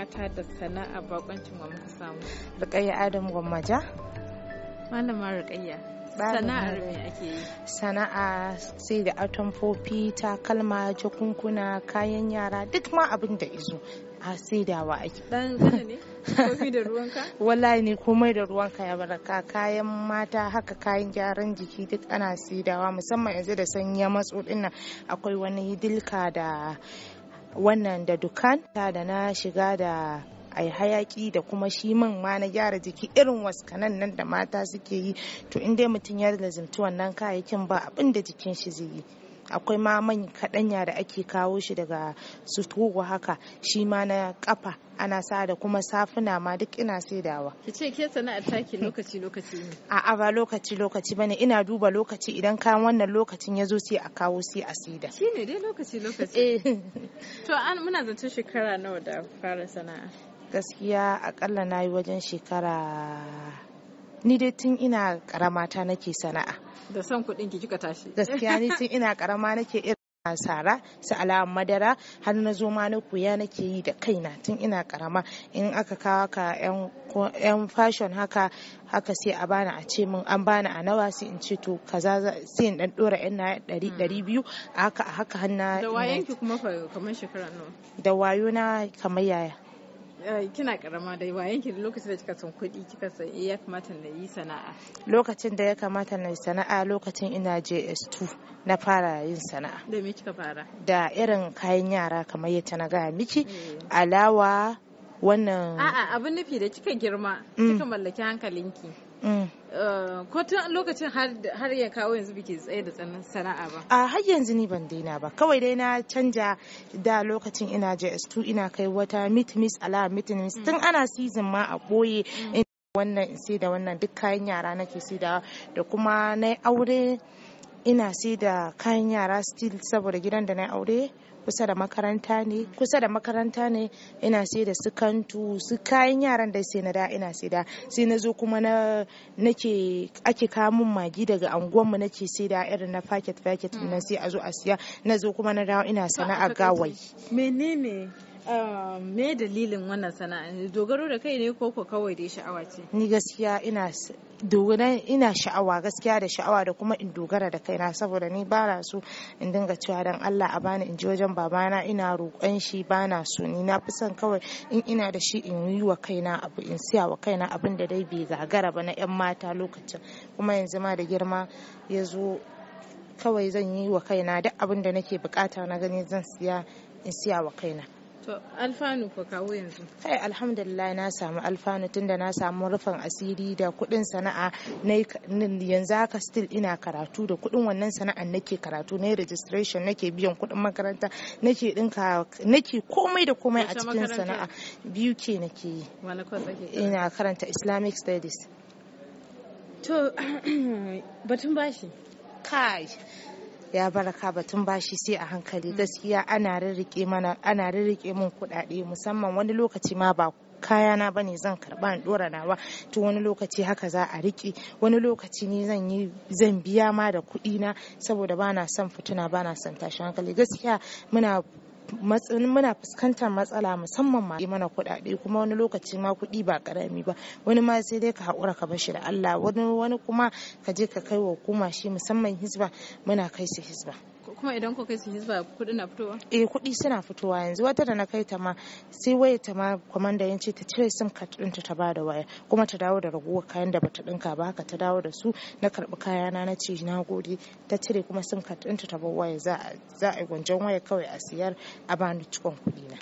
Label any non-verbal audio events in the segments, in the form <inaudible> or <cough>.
mata da sana'a bakwancin wa muka samu rukayya adam gwammaja malama rukayya sana'ar me ake yi sana'a sai da atamfofi takalma jakunkuna kayan yara duk ma abin da izo a saidawa ake dan ne kofi da ruwanka <laughs> wallahi ne komai da ruwanka ya baraka kayan mata haka kayan gyaran jiki duk ana saidawa musamman yanzu da sanyi ya matso dinnan akwai wani dilka da wannan da dukan da na shiga da a hayaki da kuma shi man ma na gyara jiki irin waskanan nan da mata suke yi to in dai mutum ya lazimci wannan kayayyakin ba abin da jikin shi zai yi akwai ma man kaɗanya da ake kawo shi daga su togo haka shi ma na kafa ana sa da kuma safuna ma duk ina saidawa ki ce ke sana'ar taki lokaci lokaci ne a'a ba lokaci lokaci bane ina duba lokaci idan kayan wannan lokacin ya zo sai a kawo sai a saida ne dai lokaci lokaci eh. to an muna zance shekara nawa da fara sana'a gaskiya akalla na yi wajen shekara ni dai tun ina karamata nake sana'a da son kuɗin ki kika tashi gaskiya ni tun ina karama nake irin asara su alawan madara har na zo ma na koya nake yi da kaina tun ina karama in aka kawo ka yan fashion haka haka sai a bani a ce min an bani a nawa sai in ce to kaza sai in dan dora yan na dari dari hmm. biyu a haka a haka hanna da wayen ki kuma kamar shekara nawa da wayo na kamar yaya Eh, kina karama dai wayan ki lokacin da kika san kuɗi kika san eh, ya kamata na yi sana'a lokacin da ya kamata na yi sana'a lokacin ina JS2 na fara yin sana'a da me kika fara da irin kayan yara kamar yadda na gaya miki eh. alawa wannan a'a abin nufi da kika girma mm. kika mallaki hankalinki mm. Kotun ko tun lokacin har ya kawo yanzu bike tsaye da tsanan sana'a ba a har yanzu ni ban daina ba kawai dai na canja da lokacin ina js2 ina kai wata meet miss ala meet miss mm. tun ana season ma a boye mm. wannan sai da wannan duk kayan yara nake sai da da kuma na aure ina sai da kayan yara stil saboda gidan da na aure kusa da makaranta ne kusa da makaranta ne ina sai da su kantu su kayan yaran da sai na da ina sai da sai na zo kuma na nake ake kamun magi daga anguwanmu nake sai da irin na packet packet mm. na sai a zo a siya na zo kuma na dawo ina sana'a gawai menene Um, me dalilin wannan sana'a dogaro da kai ne ko ko kawai dai sha'awa ce ni gaskiya ina dogara ina sha'awa gaskiya da sha'awa da kuma in dogara da kaina saboda ni ba na so in dinga cewa dan Allah a bani in ji wajen babana ina roƙon shi ba na so ni na fi son kawai in ina da shi in yi wa kaina abu in siya wa kaina abin da dai bai gagara ba na yan mata lokacin kuma yanzu ma da girma ya zo kawai zan yi wa kaina duk abin da nake bukata na gani zan siya in siya wa kaina To alfanu ko kawo yanzu. Kai alhamdulillah na samu alfanu tunda na samu rufin asiri da kuɗin sana'a na yanzu haka still ina karatu da kuɗin wannan sana'ar nake karatu na registration nake biyan kuɗin makaranta nake dinka nake komai da komai a cikin sana'a biyu ke nake yi. Ina karanta Islamic studies. To <clears throat> batun bashi. Kai ya baraka batun bashi sai a hankali mm. gaskiya ana rirrike mana ana mun kuɗaɗe musamman wani lokaci ma ba kayana ba ne zan karba in dora nawa to wani lokaci haka za a riki wani lokaci ne zan yi zan biya ma da kuɗi na saboda bana son fituna bana son tashi hankali gaskiya muna muna fuskantar matsala musamman ma mana kuɗaɗe kuma wani lokaci ma kuɗi ba karami ba wani ma sai dai ka haƙura ka bashi da Allah wani wani kuma ka je ka kai wa hukuma shi musamman hizba muna kai su hizba kuma idan ku kai su hizba kuɗi na fitowa eh kuɗi suna fitowa yanzu wata da na kai ta ma sai waya ta ma kwamanda ta cire sim card ɗin ta ba da waya kuma ta dawo da ragowar kayan da bata ɗinka ba haka ta dawo da su na karbi kaya na ce na gode ta cire kuma sim card ɗinta ta bar waya za a yi gwanjon waya kawai a siyar a bani cikon kuɗi na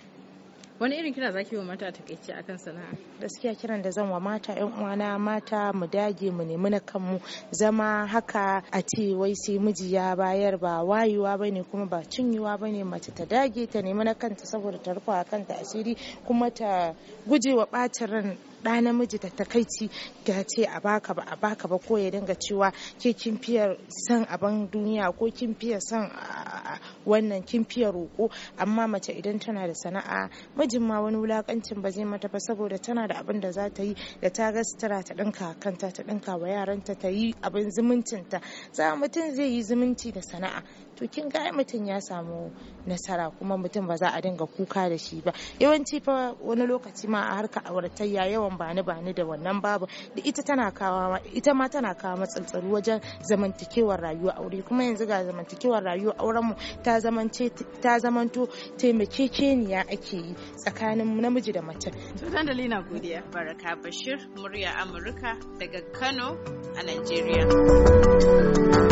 wani irin kira zaki wa mata a takaice akan sana'a gaskiya kiran da zan wa mata yan uwana mata mu dage mu nemi na kanmu zama haka a ce wai sai miji ya bayar ba wayewa bane kuma ba cinyewa bane mace ta dage ta nemi na kanta saboda ta rufa kanta asiri kuma ta guje wa bacin ran ɗa namiji da takaici ga ce a baka ba a baka ba ko ya dinga cewa ke kin fiye son abin duniya ko kin fiye son wannan kin fiye roƙo amma mace idan tana da sana'a mijin ma wani wulakancin ba zai mata ba saboda tana da abin da za ta yi da ta ga sutura ta ɗinka kanta ta ɗinka wa yaranta ta yi abin zumuncinta za mutum zai yi zumunci da sana'a to kin ga mutum ya samu nasara kuma mutum ba za a dinga kuka da shi ba yawanci fa wani lokaci ma a harka auratayya yawan yawan bani bani da wannan babu da ita tana kawo ita ma tana kawo matsaltsalu wajen zamantakewar rayuwa aure kuma yanzu ga zamantakewar rayuwa auren mu ta zamance ta zamanto taimakekeniya ake yi tsakanin namiji da mace to dan dalina godiya baraka bashir murya amurka daga kano a nigeria